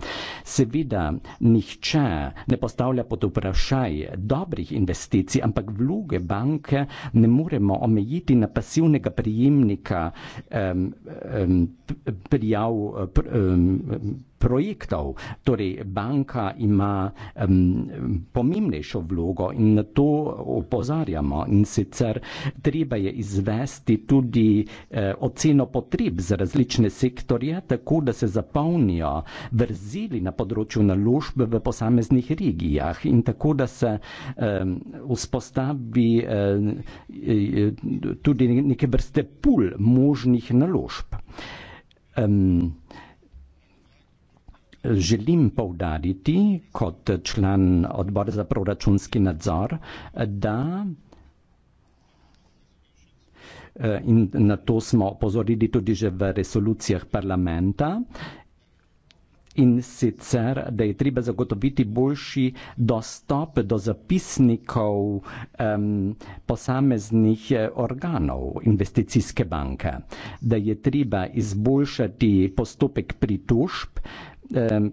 Seveda, nihče ne postavlja pod vprašaj dobrih investicij, investicij, ampak vloge banke ne moremo omejiti na pasivnega prijemnika um, um, prijav. Um, projektov. Torej, banka ima um, pomembnejšo vlogo in na to opozarjamo. In sicer treba je izvesti tudi uh, oceno potreb za različne sektorje, tako da se zapolnijo vrzili na področju naložb v posameznih regijah in tako da se um, vzpostavi um, tudi neke vrste pul možnih naložb. Um, Želim povdariti kot član odbora za proračunski nadzor, da eh, in na to smo opozorili tudi že v resolucijah parlamenta, in sicer, da je treba zagotoviti boljši dostop do zapisnikov um, posameznih eh, organov investicijske banke, da je treba izboljšati postopek pritužb,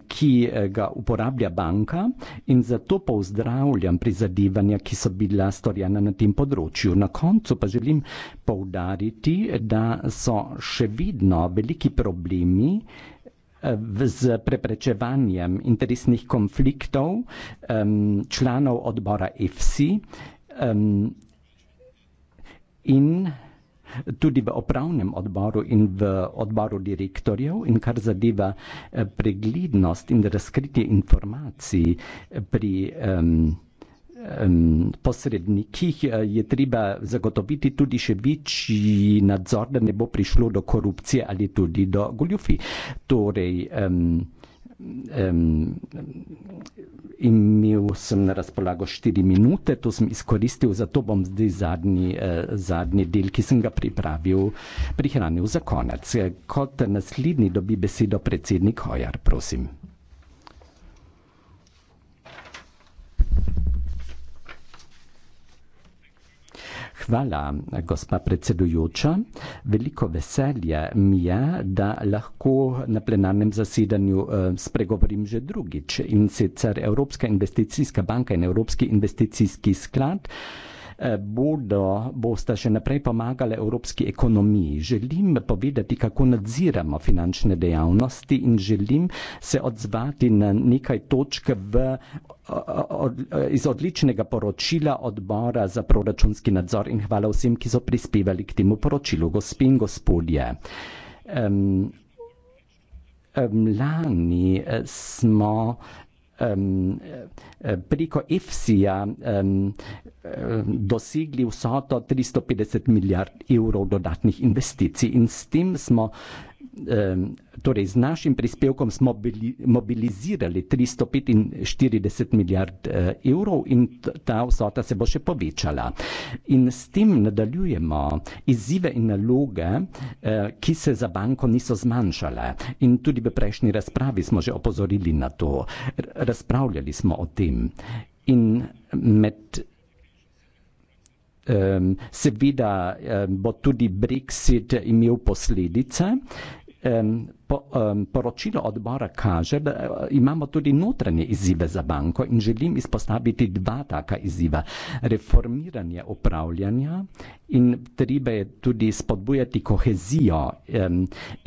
ki eh, ga uporablja banka in zato pozdravljam prizadevanja, ki so bila storjena na tem področju. Na koncu pa želim povdariti, da so še vedno veliki problemi z eh, preprečevanjem interesnih konfliktov članov odbora EFSI in tudi v opravnem odboru in v odboru direktorjev in kar zadeva eh, preglednost in razkritje informacij eh, pri um, posrednikih eh, je treba zagotoviti tudi še večji nadzor, da ne bo prišlo do korupcije ali tudi do goljufi. Torej, um, Um, imel sem na razpolago 4 minute, to sem izkoristil, zato bom zdaj zadnji, uh, zadnji del, ki sem ga pripravil, prihranil za konec. Kot naslednji dobi besedo predsednik Hojar, prosim. Hvala, gospa predsedujoča. Veliko veselje mi je, da lahko na plenarnem zasedanju eh, spregovorim že drugič. In sicer Evropska investicijska banka in Evropski investicijski sklad eh, bodo, boste še naprej pomagali evropski ekonomiji. Želim povedati, kako nadziramo finančne dejavnosti in želim se odzvati na nekaj točk v od, iz odličnega poročila odbora za proračunski nadzor in hvala vsem, ki so prispevali k temu poročilu, gospe in gospodje. Um, um, lani eh, smo um, preko EFSI-ja um, eh, dosegli vso to 350 milijard evrov dodatnih investicij in s tem smo Ehm, torej z našim prispevkom smo mobilizirali 345 milijard eh, evrov in ta vsota se bo še povečala. In s tem nadaljujemo izzive in naloge, eh, ki se za banko niso zmanjšale. In tudi v prejšnji razpravi smo že opozorili na to. Razpravljali smo o tem. In med ehm, Seveda eh, bo tudi Brexit imel posledice, Poročilo odbora kaže, da eh, imamo tudi notranje izzive za banko in želim izpostaviti dva taka izziva. Reformiranje upravljanja in treba je tudi spodbujati kohezijo.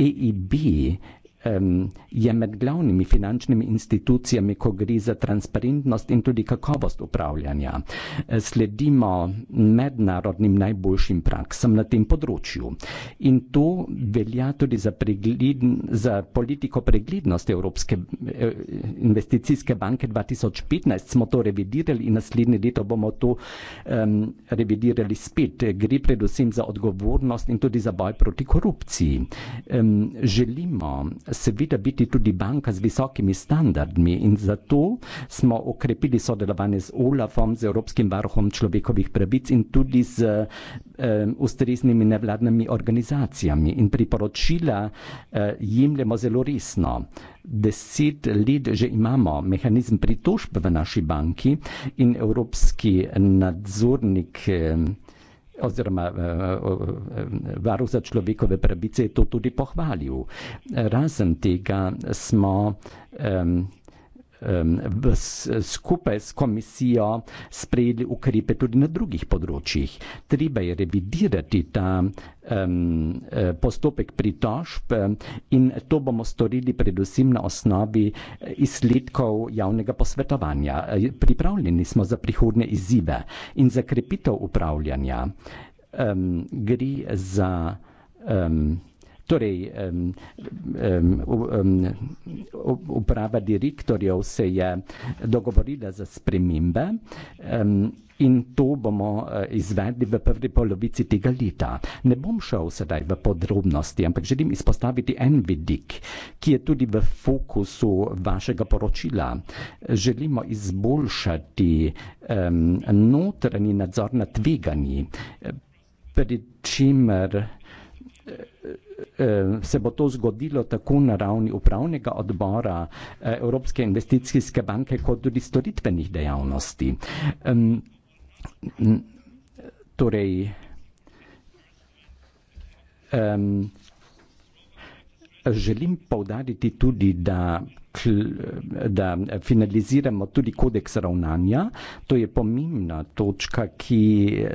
EIB um, je med glavnimi finančnimi institucijami, ko gre za transparentnost in tudi kakovost upravljanja. E, sledimo mednarodnim najboljšim praksam na tem področju. In to velja tudi za, pregled, za politiko preglednosti Evropske e, investicijske banke 2015. Smo to revidirali in naslednje leto bomo to um, revidirali spet. Gre predvsem za odgovornost in tudi za boj proti korupciji. Um, želimo seveda biti tudi banka z visokimi standardmi in zato smo okrepili sodelovanje z OLAFom, z Evropskim varuhom človekovih pravic in tudi z eh, ustreznimi nevladnimi organizacijami. In priporočila eh, jemljemo zelo resno. Deset let že imamo mehanizem pritožb v naši banki in evropski nadzornik. Eh, oziroma eh, eh, varuh za človekove pravice je to tudi pohvalil. Razen tega smo um, skupaj s komisijo sprejeli ukrepe tudi na drugih področjih. Treba je revidirati ta um, postopek pritožb in to bomo storili predvsem na osnovi e, izsledkov javnega posvetovanja. E, pripravljeni smo za prihodne izzive in za krepitev upravljanja. Um, gre za um, Torej, um, um, um, uprava direktorjev se je dogovorila za spremembe um, in to bomo eh, izvedli v prvi polovici tega leta. Ne bom šel sedaj v podrobnosti, ampak želim izpostaviti en vidik, ki je tudi v fokusu vašega poročila. Želimo izboljšati um, notranji nadzor nad tveganji, pri čemer se bo to zgodilo tako na ravni upravnega odbora eh, Evropske investicijske banke, kot tudi storitvenih dejavnosti. Torej, želim povdariti tudi, da da finaliziramo tudi kodeks ravnanja. To je pomembna točka, ki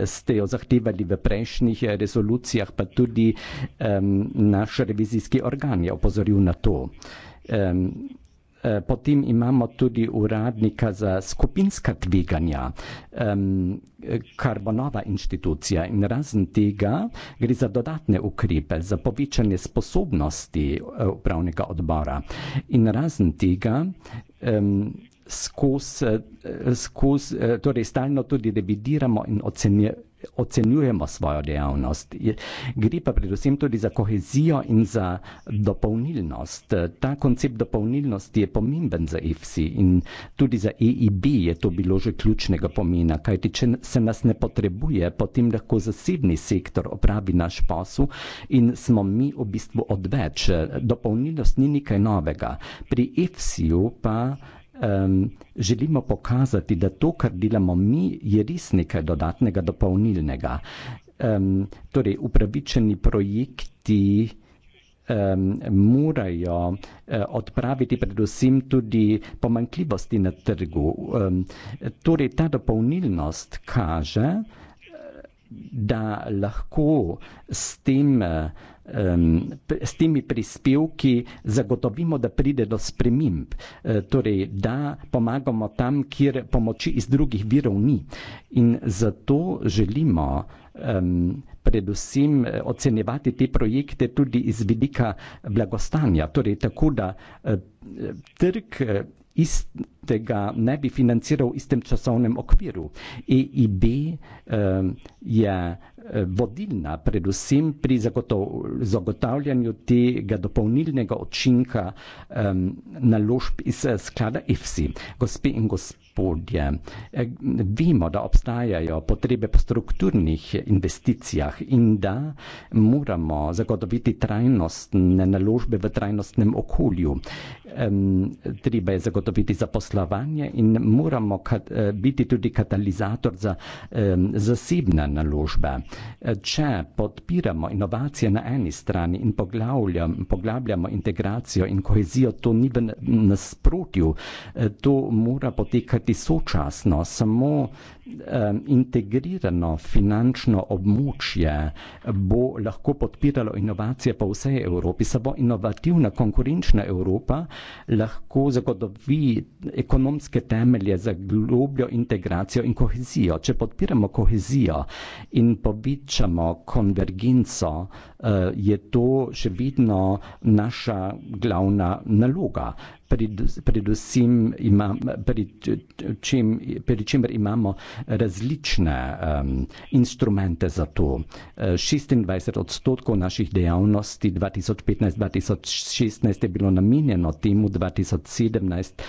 ste jo zahtevali v prejšnjih rezolucijah, pa tudi um, naš revizijski organ je opozoril na to. Um, Eh, potem imamo tudi uradnika za skupinska tveganja, kar bo nova inštitucija. In razen tega gre za dodatne ukrepe, za povečanje sposobnosti eh, upravnega odbora. In razen tega skozi, eh, skoz, eh, torej stalno tudi revidiramo in ocenjujemo svojo dejavnost. Gre pa predvsem tudi za kohezijo in za dopolnilnost. Ta koncept dopolnilnosti je pomemben za EFSI in tudi za EIB je to bilo že ključnega pomena, kajti če se nas ne potrebuje, potem lahko zasebni sektor opravi naš posel in smo mi v bistvu odveč. Dopolnilnost ni nekaj novega. Pri EFSI-ju pa um, želimo pokazati, da to, kar delamo mi, je res nekaj dodatnega, dopolnilnega. Um, torej, upravičeni projekti um, morajo uh, odpraviti predvsem tudi pomankljivosti na trgu. Um, torej, ta dopolnilnost kaže, da lahko s tem uh, s temi prispevki zagotovimo, da pride do sprememb, e, torej da pomagamo tam, kjer pomoči iz drugih virov ni. In zato želimo predvsem e, ocenjevati te projekte tudi iz vidika blagostanja, torej tako, da e, trg istega ne bi financiral v istem časovnem okviru. EIB je Eh, vodilna, predvsem pri zagotavljanju tega dopolnilnega očinka um, naložb iz eh, sklada EFSI. Gospe in gospodje, eh, vemo, da obstajajo potrebe po strukturnih investicijah in da moramo zagotoviti trajnostne naložbe v trajnostnem okolju. Um, treba je zagotoviti zaposlovanje in moramo kat, biti tudi katalizator za um, zasebne naložbe. Če podpiramo inovacije na eni strani in poglabljamo integracijo in kohezijo, to ni v nasprotju, to mora potekati sočasno, samo Ehm, integrirano finančno območje bo lahko podpiralo inovacije po vsej Evropi, se bo inovativna, konkurenčna Evropa lahko zagotovi ekonomske temelje za globljo integracijo in kohezijo. Če podpiramo kohezijo in povečamo konvergenco, Eh, je to še vedno naša glavna naloga. Pred, predvsem imam, pred čim, čimer imamo različne um, instrumente za to. 26 eh, odstotkov naših dejavnosti 2015-2016 je bilo namenjeno temu 2017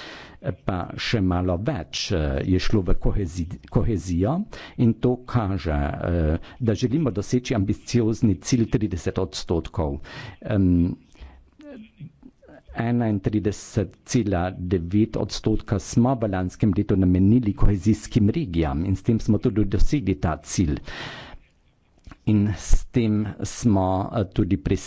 pa še malo več eh, je šlo v kohezijo in to kaže, eh, da želimo doseči ambiciozni cilj 30 odstotkov. 31,9 odstotka smo v lanskem letu namenili kohezijskim regijam in s tem smo tudi dosegli ta cilj. In s tem smo eh, tudi prisegli.